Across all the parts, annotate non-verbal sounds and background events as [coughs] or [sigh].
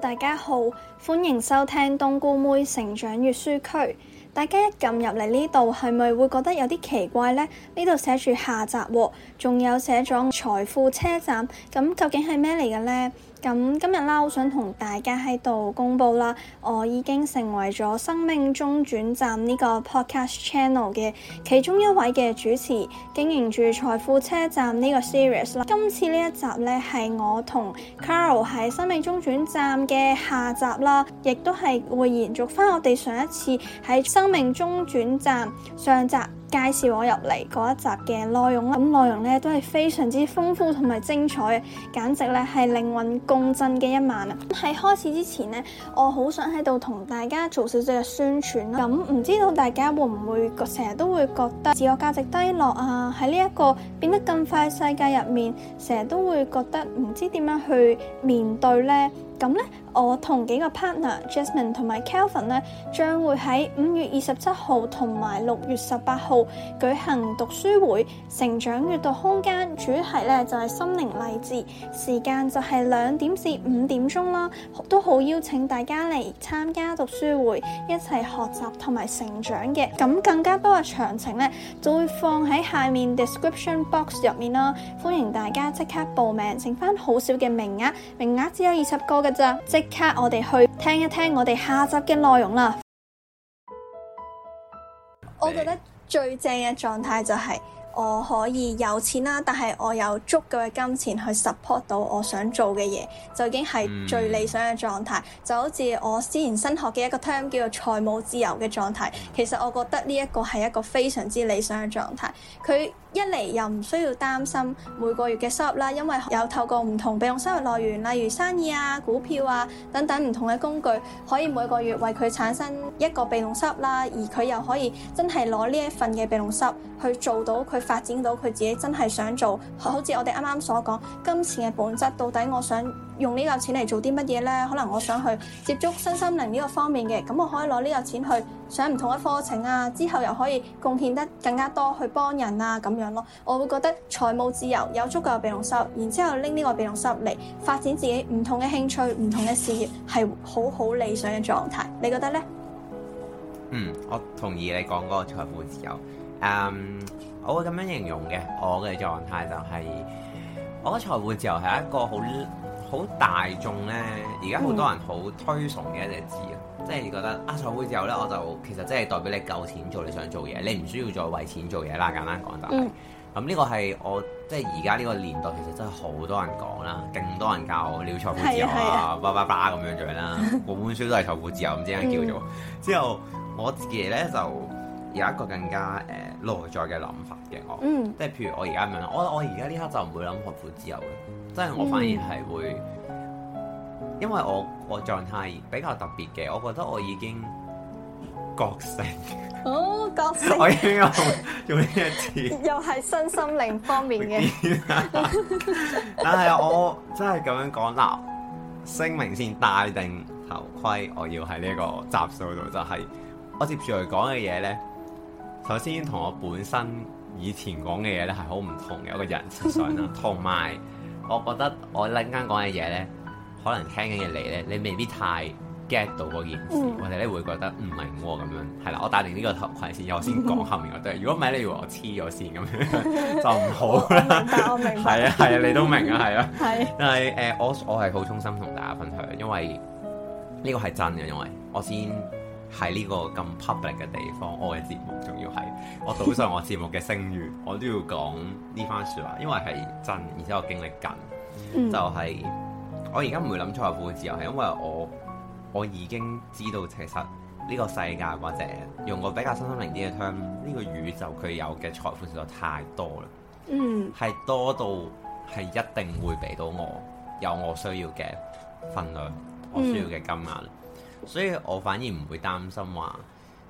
大家好，歡迎收聽冬菇妹成長閱書區。大家一撳入嚟呢度，係咪會覺得有啲奇怪呢？呢度寫住下集喎，仲有寫咗財富車站，咁究竟係咩嚟嘅呢？咁今日啦，我想同大家喺度公布啦，我已經成為咗《生命中轉站》呢個 podcast channel 嘅其中一位嘅主持，經營住《財富車站》呢個 series 啦。今次呢一集呢，係我同 Kyro 喺《生命中轉站》嘅下集啦，亦都係會延續返我哋上一次喺《生命中轉站》上集。介紹我入嚟嗰一集嘅內容啦，咁內容咧都係非常之豐富同埋精彩嘅，簡直咧係靈魂共振嘅一晚啊！喺開始之前咧，我好想喺度同大家做少少嘅宣傳啦。咁唔知道大家會唔會成日都會覺得自我價值低落啊？喺呢一個變得更快嘅世界入面，成日都會覺得唔知點樣去面對呢。咁咧，我同幾個 partner，Jasmine 同埋 Kelvin 咧，將會喺五月二十七號同埋六月十八號舉行讀書會成長閱讀空間主題咧就係、是，心靈勵志，時間就係兩點至五點鐘啦，都好邀請大家嚟參加讀書會一齊學習同埋成長嘅。咁更加多嘅詳情咧，就會放喺下面 description box 入面啦，歡迎大家即刻報名，剩翻好少嘅名額名額只有二十個。即刻我哋去聽一聽我哋下集嘅內容啦。我覺得最正嘅狀態就係、是。我可以有錢啦，但係我有足夠嘅金錢去 support 到我想做嘅嘢，就已經係最理想嘅狀態。就好似我之前新學嘅一個 term 叫做財務自由嘅狀態，其實我覺得呢一個係一個非常之理想嘅狀態。佢一嚟又唔需要擔心每個月嘅收入啦，因為有透過唔同被動收入來源，例如生意啊、股票啊等等唔同嘅工具，可以每個月為佢產生一個被動收入啦，而佢又可以真係攞呢一份嘅被動收入去做到佢。發展到佢自己真係想做，好似我哋啱啱所講，金錢嘅本質，到底我想用呢嚿錢嚟做啲乜嘢呢？可能我想去接觸身心靈呢個方面嘅，咁我可以攞呢嚿錢去上唔同嘅課程啊，之後又可以貢獻得更加多去幫人啊咁樣咯。我會覺得財務自由有足夠嘅備用收入，然之後拎呢個備用收入嚟發展自己唔同嘅興趣、唔同嘅事業，係好好理想嘅狀態。你覺得呢？嗯，我同意你講嗰個財務自由，um, 我會咁樣形容嘅，我嘅狀態就係、是、我嘅財富自由係一個好好大眾咧，而家好多人好推崇嘅一隻字、嗯、啊，即係覺得啊財富自由咧，我就其實即係代表你夠錢做你想做嘢，你唔需要再為錢做嘢啦。簡單講就係、是，咁呢、嗯嗯這個係我即係而家呢個年代其實真係好多人講啦，勁多人教我「你要財富自由啊，叭叭叭咁樣樣啦，我本書都係財富自由唔知點叫做。之後我自己咧就。有一個更加誒內、呃、在嘅諗法嘅我，嗯、即係譬如我而家咁樣，我我而家呢刻就唔會諗學富自由嘅，即係我反而係會，嗯、因為我我狀態比較特別嘅，我覺得我已經覺醒。哦，覺醒啊！ [laughs] 我已經用呢個字，又係身心靈方面嘅。 [laughs] 但係我真係咁樣講啦，聲明先戴定頭盔，我要喺呢個集數度就係、是、我接住嚟講嘅嘢咧。首先同我本身以前講嘅嘢咧係好唔同嘅一個人思想啦，同埋我覺得我陣間講嘅嘢咧，可能聽緊嘅你咧，你未必太 get 到嗰件事，或者你會覺得唔明喎咁、哦、樣。係啦，我帶定呢個頭盔先，我先講後面嗰堆。如果唔係你話我黐咗線咁樣，就唔好啦。但係 [laughs] 我明，係 [laughs] 啊係啊，你都明啊係啊。係、 [laughs] 啊，但係誒、呃，我我係好衷心同大家分享，因為呢個係真嘅，因為我先。喺呢個咁 public 嘅地方，我嘅節目仲要係我賭上我節目嘅聲譽， [laughs] 我都要講呢番説話，因為係真，而且我經歷緊，嗯、就係、是、我而家唔會諗財富嘅自由係，因為我我已經知道其實呢個世界或者用個比較心心靈啲嘅 term，呢個宇宙佢有嘅財富實在太多啦，嗯，係多到係一定會俾到我有我需要嘅份量，我需要嘅金額。嗯嗯。所以我反而唔會擔心話，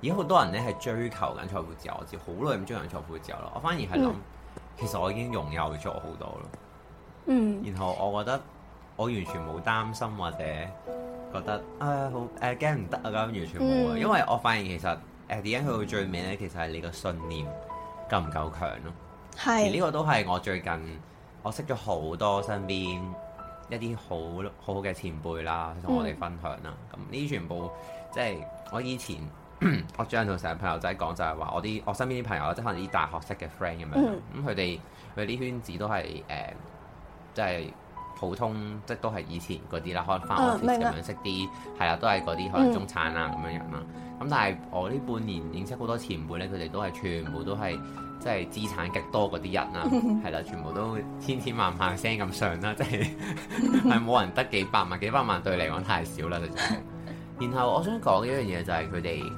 而家好多人咧係追求緊財富自由，我自好耐唔追求財富自由咯。我反而係諗，嗯、其實我已經擁有咗好多咯。嗯。然後我覺得我完全冇擔心或者覺得啊好誒驚唔得啊咁，完全冇。嗯、因為我發現其實誒點樣去到最尾咧，其實係你個信念夠唔夠強咯。係是。而呢個都係我最近我識咗好多身邊。一啲好好好嘅前輩啦，同我哋分享啦。咁呢啲全部即係我以前， [coughs] 我將同成個朋友仔講就係、是、話，我啲我身邊啲朋友，即係可能啲大學識嘅 friend 咁樣。咁佢哋佢哋啲圈子都係誒、呃，即係。普通即都係以前嗰啲啦，可能翻我啲咁樣識啲，係啦，都係嗰啲可能中產啊咁樣人啦。咁但係我呢半年認識好多前輩咧，佢哋都係全部都係即係資產極多嗰啲人啊，係啦， [laughs] 全部都千千萬萬聲咁上啦，即係係冇人得幾百萬、幾百萬對嚟講太少啦，佢哋。然後我想講一樣嘢就係佢哋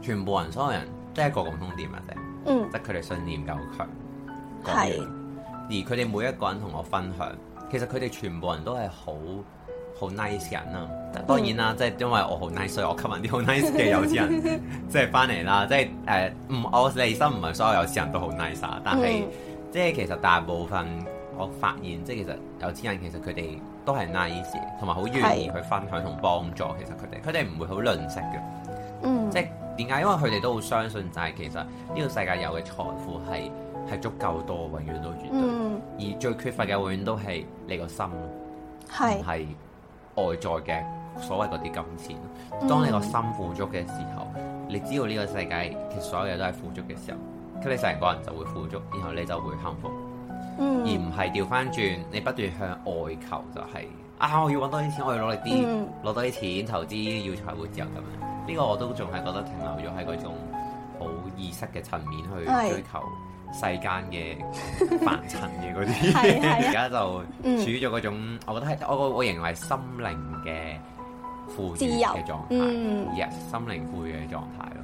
全部人所有人都係一個共通點啊，啫，嗯，即係佢哋信念夠強，係。 [laughs] 而佢哋每一個人同我分享。其實佢哋全部人都係好好 nice 人啊！當然啦，嗯、即係因為我好 nice，所以我吸引啲好 nice 嘅有錢人， [laughs] 即係翻嚟啦。即係誒，唔、呃、我內心唔係所有有錢人都好 nice，啊、但係、嗯、即係其實大部分，我發現即係其實有錢人其實佢哋都係 nice，同埋好願意去分享同幫助。其實佢哋，佢哋唔會好吝嗇嘅。嗯即，即係點解？因為佢哋都好相信就係其實呢個世界有嘅財富係。係足夠多，永遠都絕對。嗯、而最缺乏嘅，永遠都係你個心，係是外在嘅所謂嗰啲金錢。嗯、當你個心富足嘅時候，你知道呢個世界其實所有嘢都係富足嘅時候，咁你成個人就會富足，然後你就會幸福。嗯、而唔係掉返轉，你不斷向外求就係、是、啊，我要揾多啲錢，我要攞嚟啲，攞、嗯、多啲錢投資要財務自由咁樣。呢、這個我都仲係覺得停留咗喺嗰種好意識嘅層面去追求。是世間嘅凡塵嘅啲，而家 [laughs] 就處於咗種，嗯、我覺得係我我我認為心靈嘅富裕嘅狀態，日、嗯 yes, 心靈富嘅狀態咯。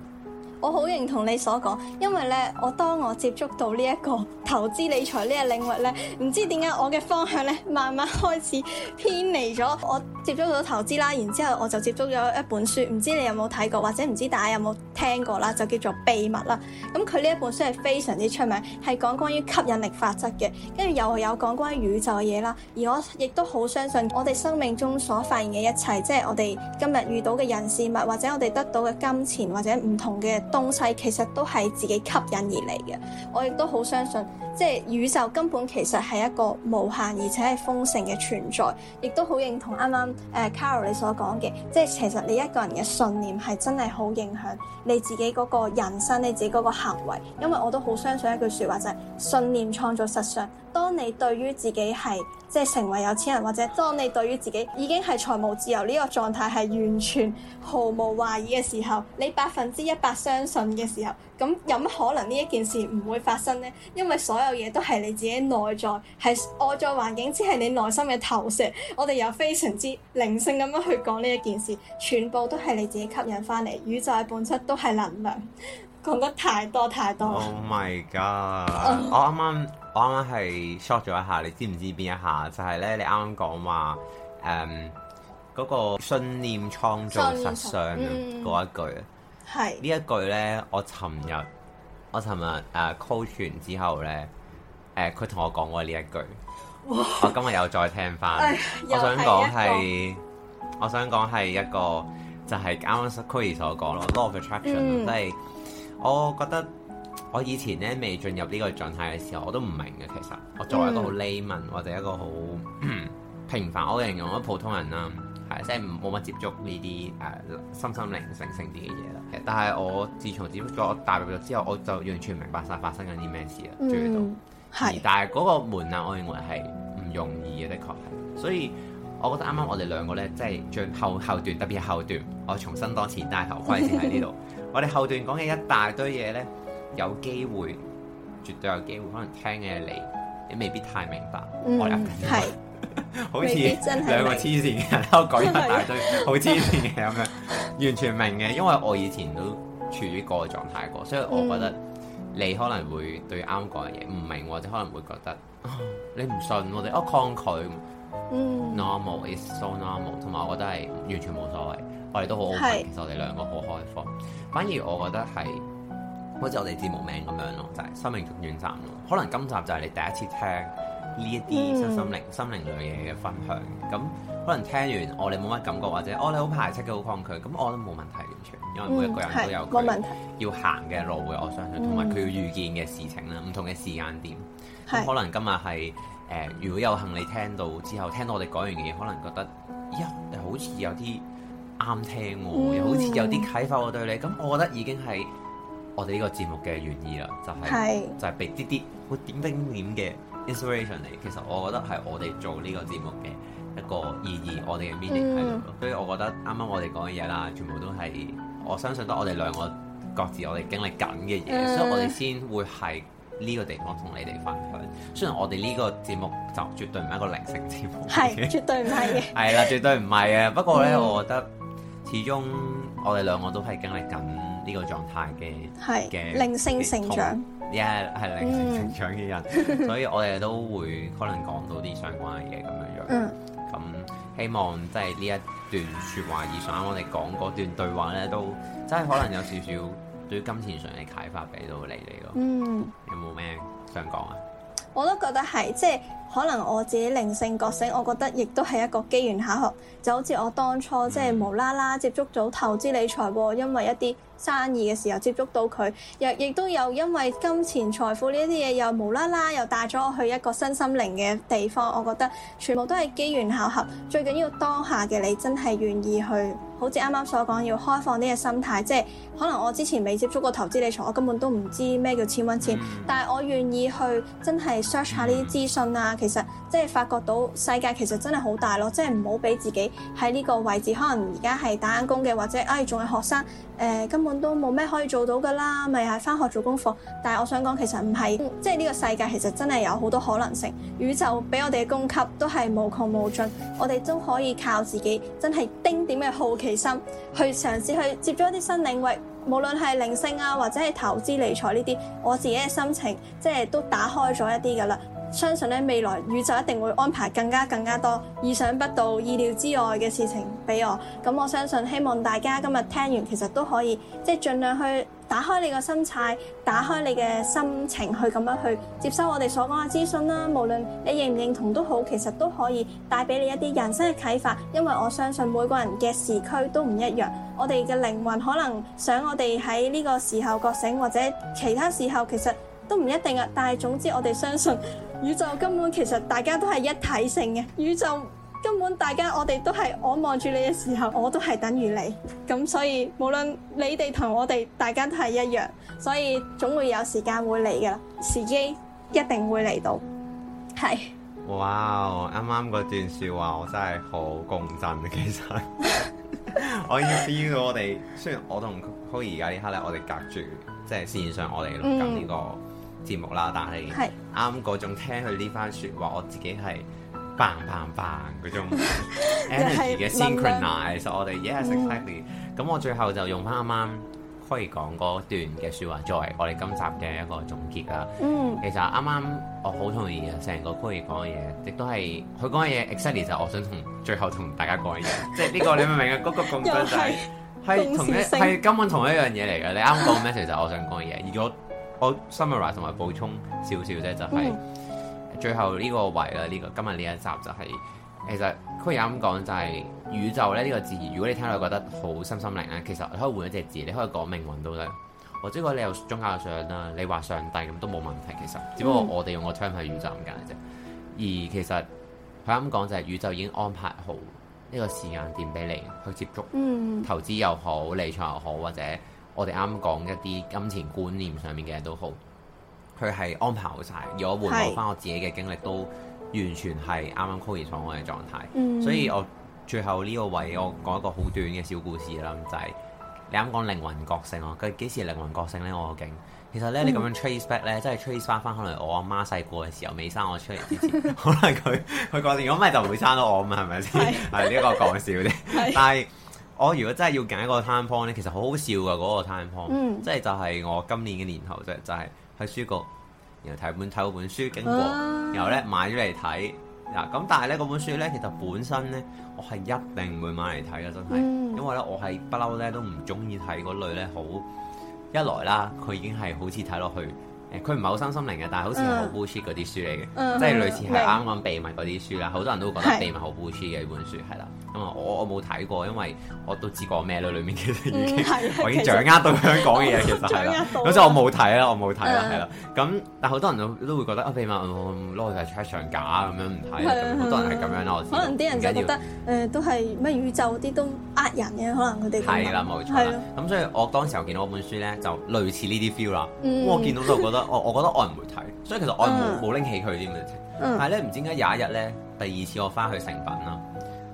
我好認同你所講，因為咧，我當我接觸到呢一個投資理財呢個領域咧，唔知點解我嘅方向咧，慢慢開始偏離咗。我接觸到投資啦，然之後我就接觸咗一本書，唔知你有冇睇過，或者唔知大家有冇聽過啦，就叫做《秘密》啦。咁佢呢一本書係非常之出名，係講關於吸引力法則嘅，跟住又有講關於宇宙嘅嘢啦。而我亦都好相信，我哋生命中所發現嘅一切，即係我哋今日遇到嘅人事物，或者我哋得到嘅金錢，或者唔同嘅。東西其實都係自己吸引而嚟嘅，我亦都好相信，即係宇宙根本其實係一個無限而且係豐盛嘅存在，亦都好認同啱啱誒 Kyro 你所講嘅，即係其實你一個人嘅信念係真係好影響你自己嗰個人生，你自己嗰個行為，因為我都好相信一句説話就係信念創造實相。當你對於自己係即係成為有錢人，或者當你對於自己已經係財務自由呢個狀態係完全毫無懷疑嘅時候，你百分之一百相信嘅時候，咁有乜可能呢一件事唔會發生呢？因為所有嘢都係你自己內在係外在環境，只係你內心嘅投射。我哋又非常之靈性咁樣去講呢一件事，全部都係你自己吸引翻嚟，宇宙嘅本質都係能量。講得太多太多。Oh my god！我啱啱。我啱啱係 shot 咗一下，你知唔知邊一下？就係、是、咧，你啱啱講話誒嗰個信念創造實相嗰一句，係呢、嗯、一句咧。我尋日我尋日誒 coach 之後咧，誒佢同我講過呢一句。哇我今日又再聽翻，我想講係，我想講係一個就係啱啱 Kyro 所講咯，Law of Attraction，即係、嗯、我覺得。我以前咧未進入呢個狀態嘅時候，我都唔明嘅。其實我作為一個好 layman，或者一個好平凡，我形容咗普通人啦，係即係冇乜接觸呢啲誒心心靈性性啲嘅嘢啦。但係我自從接觸咗踏入咗之後，我就完全明白晒發生緊啲咩事啦。到、嗯，的喺度，但係嗰個門啊，我認為係唔容易嘅，的確係。所以我覺得啱啱我哋兩個咧，即係最後後段，特別後段，我重新多次戴頭盔先喺呢度。 [laughs] 我哋後段講嘅一大堆嘢咧。有機會，絕對有機會。可能聽嘅你，你未必太明白。我嗯，係，是 [laughs] 好似像兩個黐線嘅，人都講一大堆的好黐線嘅咁樣， [laughs] [laughs] [laughs] 完全明嘅。因為我以前都處於個狀態過狀態，所以我覺得你可能會對啱講嘅嘢唔明，或者可能會覺得、啊、你唔信我哋，我抗拒。嗯、normal is so normal，同埋我覺得係完全冇所謂，我哋都好 open，是對其實我哋兩個好開放。反而我覺得係。好似我哋節目名咁樣咯，就係、是、生命中轉站咯。可能今集就係你第一次聽呢一啲新心靈、mm. 心靈類嘢嘅分享。咁、嗯、可能聽完我哋冇乜感覺，或者我哋好排斥嘅、好抗拒，咁我都冇問題完全因為每一個人都有佢要行嘅路，我相信，同埋佢要遇見嘅事情啦，唔、mm. 同嘅時間點。咁可能今日係誒，如果有幸你聽到之後，聽到我哋講完嘅嘢，可能覺得咦，哎、呀好似有啲啱聽，mm. 又好似有啲啟發我對你。咁我覺得已經係。我哋呢個節目嘅原意啦，就係、是、是就係俾啲啲好點點點嘅 inspiration 嚟。其實我覺得係我哋做呢個節目嘅一個意義，嗯、我哋嘅 meaning 喺度咯。所以我覺得啱啱我哋講嘅嘢啦，全部都係我相信得我哋兩個各自我哋經歷緊嘅嘢，嗯、所以我哋先會喺呢個地方同你哋分享。雖然我哋呢個節目就絕對唔係一個靈性節目，係絕對唔係。係啦，絕對唔係嘅。不過咧，嗯、我覺得始終我哋兩個都係經歷緊。呢個狀態嘅嘅靈性成長，呢係係靈性成長嘅人，所以我哋都會可能講到啲相關嘅嘢咁樣樣。嗯，咁希望即係呢一段説話以上，我哋講嗰段對話咧，都真係可能有少少對於金錢上嘅啟發俾到你哋咯。嗯，有冇咩想講啊？我都覺得係，即係可能我自己靈性覺醒，我覺得亦都係一個機緣巧合，就好似我當初即係無啦啦接觸到投資理財，因為一啲。生意嘅時候接觸到佢，又亦都有因為金錢財富呢啲嘢，又無啦啦又帶咗我去一個身心靈嘅地方。我覺得全部都係機緣巧合，最緊要當下嘅你真係願意去，好似啱啱所講，要開放啲嘅心態，即係可能我之前未接觸過投資理財，我根本都唔知咩叫錢搵錢，但係我願意去真係 search 下呢啲資訊啊。其實即係發覺到世界其實真係好大咯，即係唔好俾自己喺呢個位置，可能而家係打緊工嘅，或者哎仲係學生。根本都冇咩可以做到噶啦，咪又係返學做功課。但係我想講，其實唔係、嗯，即係呢個世界其實真係有好多可能性。宇宙俾我哋嘅供給都係無窮無盡，我哋都可以靠自己，真係丁點嘅好奇心去嘗試去接觸一啲新領域。無論係靈性啊，或者係投資理財呢啲，我自己嘅心情即係都打開咗一啲噶啦。相信咧，未來宇宙一定會安排更加更加多意想不到、意料之外嘅事情俾我。咁我相信，希望大家今日聽完，其實都可以即係盡量去打開你個心態，打開你嘅心情去咁樣去接收我哋所講嘅資訊啦。無論你認唔認同都好，其實都可以帶俾你一啲人生嘅啟發。因為我相信每個人嘅時區都唔一樣，我哋嘅靈魂可能想我哋喺呢個時候覺醒，或者其他時候其實都唔一定啊。但係總之，我哋相信。宇宙根本其實大家都係一體性嘅，宇宙根本大家我哋都係，我望住你嘅時候，我都係等於你，咁所以無論你哋同我哋大家都係一樣，所以總會有時間會嚟㗎啦，時機一定會嚟到，係。哇，啱啱嗰段說話我真係好共振，其實， [laughs] [laughs] 我要知到我哋雖然我同 Kyro 而家呢刻咧，我哋隔住即係線上我哋咁呢個。嗯節目啦，但係啱嗰種聽佢呢番説話，是我自己係棒棒棒嗰種 energy 嘅 [laughs] 是 Exchange synchronize。我哋 yes exactly。咁、哎嗯嗯、我最後就用翻啱啱 Kyro 講嗰段嘅説話，作為我哋今集嘅一個總結啦。其實啱啱我好同意啊，成個 Kyro 講嘅嘢，亦都係佢講嘅嘢。Exactly 就係我想同最後同大家講嘅嘢，即係呢個你明唔明啊？嗰、嗰個共鳴就係是同一根本同一樣嘢嚟嘅。你啱講咩？其實我想講嘅嘢，如果。我 summarize 同埋補充少少啫，就係最後呢個位啦。呢個今日呢一集就係其實佢有咁講，就係宇宙咧呢個字。如果你聽到覺得好心心靈咧，其實你可以換一隻字，你可以講命運都得，或者講你有宗教上啦、啊，你話上帝咁都冇問題。其實只不過我哋用個 term 係宇宙咁解啫。而其實佢有咁講就係宇宙已經安排好呢個時間點俾你去接觸，投資又好，理財又好，或者。我哋啱啱講一啲金錢觀念上面嘅嘢都好，佢係安排好晒。如果換回望翻我自己嘅經歷，都完全係啱啱枯竭狀態。嗯、所以，我最後呢個位，我講一個好短嘅小故事啦，就係、是、你啱講靈魂覺醒啊！佢幾時靈魂覺醒咧？我勁。其實咧，你咁樣 trace back 咧，即係 trace 翻翻，可能我阿媽細個嘅時候未生我出嚟之前， [laughs] 可能佢佢講：，如果唔係就唔會生到我咁啊，係咪先？係呢、 [laughs] 呢個講笑啫。但係。 [laughs] 我、哦、如果真係要揀一個 turning point 咧，其實好好笑噶，嗰、那個 turning point，即係、嗯、就係我今年嘅年頭就就係喺書局，然後睇本睇嗰本書經過，啊、然後咧買咗嚟睇嗱。咁、嗯、但係咧嗰本書咧，其實本身咧我係一定唔會買嚟睇嘅，真係，因為咧我係不嬲咧都唔中意睇嗰類咧好一來啦，佢已經係好似睇落去誒，佢唔係好身心靈嘅，但係好似好 bullshit 嗰啲書嚟嘅，嗯嗯、即係類似係啱啱秘密嗰啲書啦。好、嗯嗯、多人都會覺得秘密好 bullshit 嘅本書，係啦。咁我我冇睇過，因為我都知講咩啦，裏面其實已經，我已經掌握到香港嘅嘢，其實係啦。嗰陣我冇睇啦，我冇睇啦，係啦。咁但好多人都都會覺得啊，你問攞嚟 check 上架咁樣唔睇，好多人都係咁樣啦。可能啲人就覺得誒，都係咩宇宙啲都呃人嘅，可能佢哋係啦冇錯啦。咁所以我當時候見到嗰本書咧，就類似呢啲 feel 啦。我見到都覺得我我覺得我唔會睇，所以其實我冇拎起佢啲咁嘅嘢。但係咧唔知點解有一日咧，第二次我翻去成品啦。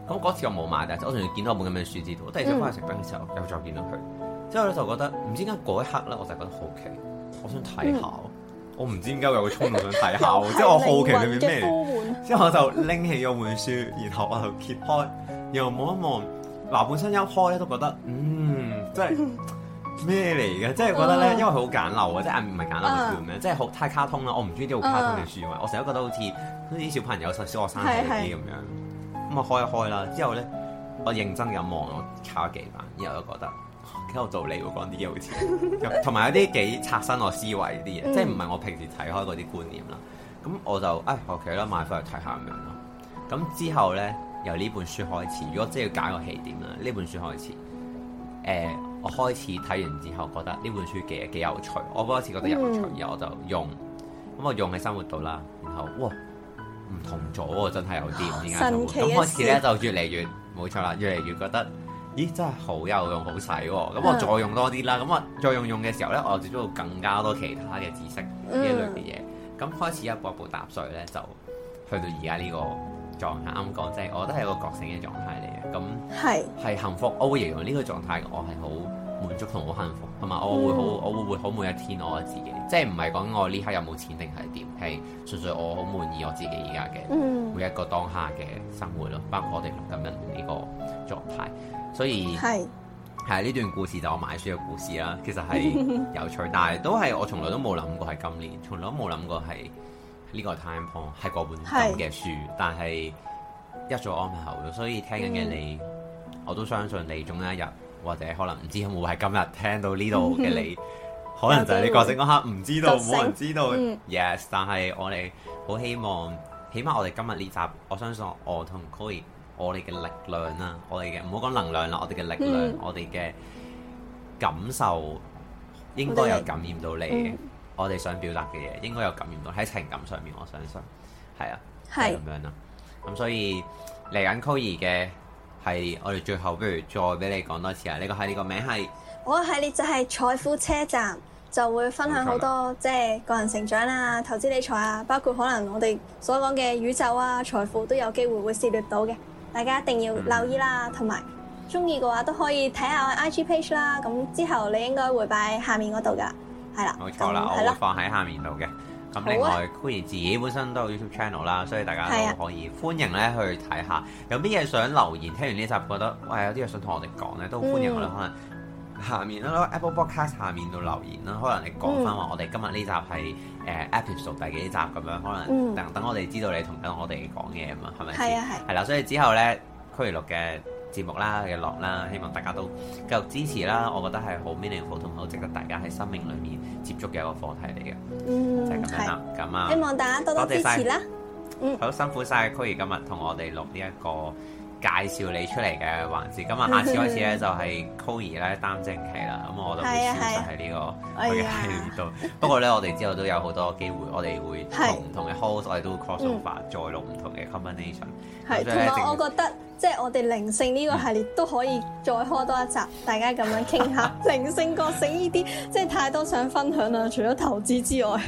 咁嗰次我冇買，但係我仲見到我本咁嘅書字。我第二次翻去食品嘅時候，又再見到佢，之後咧就覺得唔知點解嗰一刻咧，我就覺得好奇，我想睇下。嗯、我唔知點解有個衝動想睇下， [laughs] 又是 即係我好奇裏面咩。之後我就拎起咗本書，然後我就揭開，然後望一望。嗱， [laughs] 本身一開咧都覺得，嗯，即係咩嚟嘅？即係覺得咧，因為佢好簡陋啊，即係唔係簡陋嘅書咩？即係好太卡通啦，我唔中意啲好卡通嘅書啊。我成日都覺得好似好似啲小朋友、小學生寫啲咁樣。開一開啦，之後咧我認真咁望，我睇咗幾晚，然後就覺得幾、哦、有道理喎，講啲嘢好似，同埋有啲幾刷新我思維啲嘢， [laughs] 即係唔係我平時睇開嗰啲觀念啦。咁我就誒學期啦，買翻去睇下咁樣咯。咁之後咧由呢本書開始，如果真要揀個起點啦，呢本書開始，誒、呃、我開始睇完之後覺得呢本書幾幾有趣，我嗰時覺得有趣，然後 [laughs] 我就用，咁我用喺生活度啦，然後哇！唔同咗喎，真係有啲咁開始咧，就越嚟越冇錯啦，越嚟越覺得，咦，真係好有用，好使喎、啊！咁我再用多啲啦，咁我再用用嘅時候咧，我就接觸到更加多其他嘅知識呢、嗯、類嘅嘢，咁開始一步一步踏碎咧，就去到而家呢個狀態。啱講，即係我覺得係個覺醒嘅狀態嚟嘅，咁係係幸福，我會形容呢個狀態，我係好。滿足同好幸福，同埋我會好，嗯、我會活好每一天我自己。即係唔係講我呢刻有冇錢定係點，係純粹我好滿意我自己而家嘅每一個當下嘅生活咯。嗯、包括我哋錄緊呢呢個狀態。所以係係呢段故事就我買書嘅故事啦。其實係有趣， [laughs] 但係都係我從來都冇諗過係今年，從來都冇諗過係呢個 time point 係嗰本咁嘅書。是但係一早安排好咗，所以聽緊嘅你，嗯、我都相信你總有一日。或者可能唔知有冇喺今日聽到呢度嘅你， [laughs] 可能就係你覺醒嗰刻唔知道冇成人知道。 [laughs] 嗯、yes，但係我哋好希望，起碼我哋今日呢集，我相信我同 Kyro，我哋嘅力量啊，我哋嘅唔好講能量啦，我哋嘅力量，我哋嘅、嗯、感受應該有感染到你，嗯、我哋想表達嘅嘢應該有感染到，喺情感上面我相信係啊，係咁是 樣啦。咁所以嚟緊 Kyro 嘅。係，我哋最後不如再俾你講多次啊！呢、呢個係呢、呢個名係，我個系列就係財富車站，就會分享好多即係個人成長啊、投資理財啊，包括可能我哋所講嘅宇宙啊、財富都有機會會涉獵到嘅。大家一定要留意啦，同埋中意嘅話都可以睇下我 IG page 啦。咁之後你應該會擺下面嗰度噶，係啦，冇錯啦，嗯、我會放喺下面度嘅。咁另外，o Kyro 自己本身都有 YouTube channel 啦，所以大家都可以歡迎咧去睇下。啊、有咩嘢想留言？聽完呢集覺得，喂有啲嘢想同我哋講咧，都歡迎我哋、嗯、可能下面啦，Apple Podcast 下面度留言啦。可能你講翻話，我哋今日呢集係誒 episode 第幾集咁樣，可能等等我哋知道你同緊我哋講嘢啊嘛，係咪先？係啊係。係啦、啊，所以之後咧，Kyro 錄嘅。節目啦嘅落啦，希望大家都繼續支持啦。我覺得係好 meaningful 同好值得大家喺生命裏面接觸嘅一個課題嚟嘅，就係咁樣啦。咁啊，希望大家多多支持啦。好辛苦晒 Kyro 今日同我哋錄呢一個介紹你出嚟嘅環節。今日下次開始咧就係 Kyro 咧擔正題啦。咁我都會消失喺呢個會議度。不過咧，我哋之後都有好多機會，我哋會同唔同嘅 host，我哋都 cross over 再錄唔同嘅 combination。係，同埋我覺得。即係我哋靈性呢個系列都可以再開多一集，大家咁樣傾下靈性 [laughs] 覺醒呢啲，即係太多想分享啦。除咗投資之外，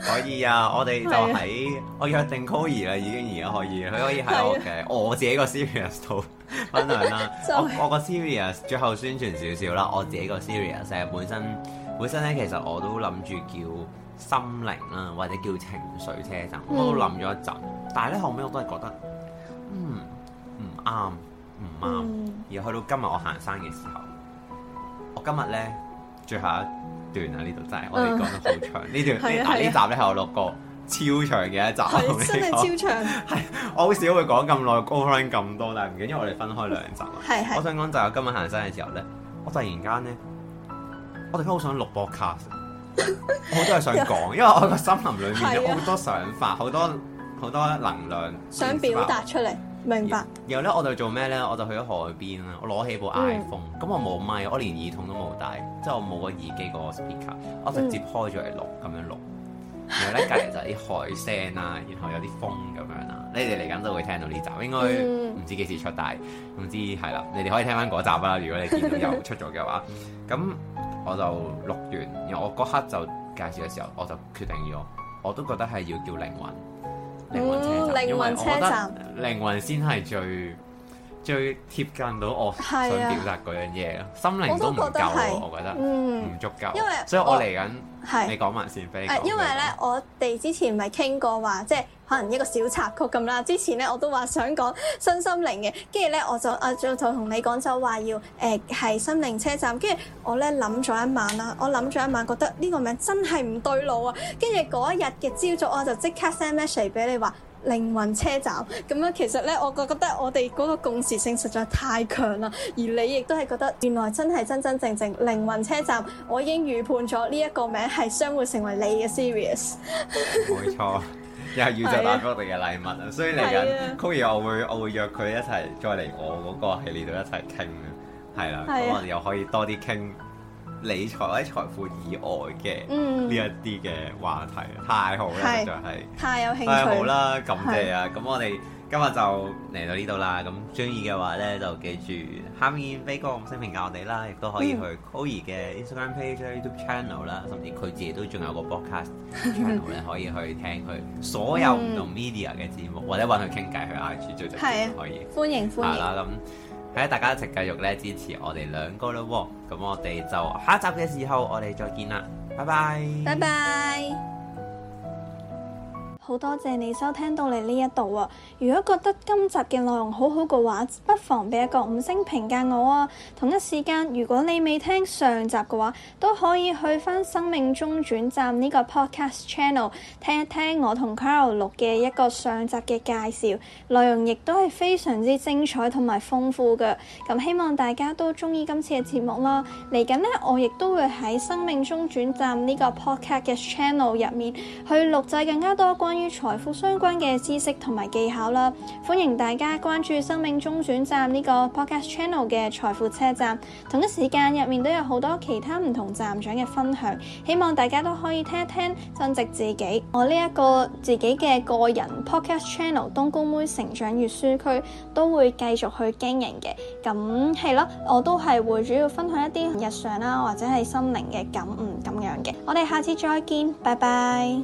可以啊！我哋就喺是、啊、我約定 Kyro 啦，已經而家可以，佢可以喺我嘅是、啊、我自己個 series 度分享啦。我我個 series 最後宣傳少少啦，我自己個 series 成日本身本身咧，其實我都諗住叫心靈啦，或者叫情緒車站，我都諗咗一陣，但係咧後尾我都係覺得，嗯。啱唔啱？而去到今日我行山嘅時候，我今日咧最後一段啊呢度真係我哋講得好長呢段。嗱呢、啊啊、集咧係我錄過超長嘅一集、啊，真係超長。係 [laughs] 我好少會講咁耐，go round 咁多，但係唔緊要，因為我哋分開兩集。係係，我想講就係我今日行山嘅時候咧，我突然間咧，我突然間好想錄播卡。a 好多嘢想講， [laughs] 有因為我個森林裏面有好多想法，好多好多能量， [laughs] 想表達出嚟。明白。然後咧，我就做咩咧？我就去咗海邊啦，我攞起部 iPhone，咁、嗯、我冇咪，我連耳筒都冇帶，即係我冇個耳機個 speaker，我直接開咗嚟錄咁樣錄。然後咧，隔離就啲海聲啦、啊， [laughs] 然後有啲風咁樣啦。你哋嚟緊都會聽到呢集，應該唔知幾時出帶。總之係啦，你哋可以聽翻嗰集啦、啊。如果你見到有出咗嘅話，咁 [laughs] 我就錄完。然後我嗰刻就介紹嘅時候，我就決定咗，我都覺得係要叫靈魂。唔，靈魂車站，靈魂先係最。最貼近到我想表達嗰樣嘢咯，啊、心靈都唔夠咯，我覺，我覺得唔足夠。因為、嗯、所以我嚟緊，我你講埋線飛。因為咧，我哋之前咪傾過話，即係可能一個小插曲咁啦。之前咧，我都話想講新心靈嘅，跟住咧，我就啊就同你講就話要誒係、呃、心靈車站。跟住我咧諗咗一晚啦，我諗咗一晚，覺得呢個名真係唔對路啊！跟住嗰一日嘅朝早，我就即刻 send message 俾你話。靈魂車站，咁樣其實咧，我覺覺得我哋嗰個共時性實在太強啦，而你亦都係覺得原來真係真真正正靈魂車站，我已經預判咗呢一個名係將會成為你嘅 series。冇錯， [laughs] 又預咗攞嗰哋嘅禮物啦，啊、所以嚟緊，Kyro，我會我會約佢一齊再嚟我嗰個系列度一齊傾，係啦、啊，咁啊可能又可以多啲傾。理財或者財富以外嘅呢、嗯、一啲嘅話題，太好啦！實在係是、就是、太有興趣，太好啦！感謝啊！咁是、嗯、我哋今日就嚟到呢度啦。咁中意嘅話咧，就記住下面俾個五星評價我哋啦，亦都可以去 Kyro 嘅 Instagram page、YouTube channel 啦，甚至佢自己都仲有個 Podcast channel 咧，可以去聽佢所有唔同 media 嘅節目，嗯、或者揾佢傾偈去 I G，最直接、啊、可以歡迎歡迎。歡迎嗯嗯大家一齊繼續咧支持我哋兩個咯，咁我哋就下一集嘅時候我哋再見啦，拜拜，拜拜。好多謝你收聽到嚟呢一度啊！如果覺得今集嘅內容好好嘅話，不妨俾一個五星評價我啊、哦！同一時間，如果你未聽上集嘅話，都可以去返生命中轉站呢、這個 podcast channel 聽一聽我同 Kyro 錄嘅一個上集嘅介紹，內容亦都係非常之精彩同埋豐富嘅。咁希望大家都中意今次嘅節目啦！嚟緊呢，我亦都會喺生命中轉站呢、這個 podcast channel 入面去錄製更加多關，與財富相關嘅知識同埋技巧啦，歡迎大家關注生命中轉站呢個 Podcast Channel 嘅財富車站。同一時間入面都有好多其他唔同站長嘅分享，希望大家都可以聽一聽，增值自己。我呢一個自己嘅個人 Podcast Channel 冬菇妹成長閱書區都會繼續去經營嘅。咁係咯，我都係會主要分享一啲日常啦，或者係心靈嘅感悟咁樣嘅。我哋下次再見，拜拜。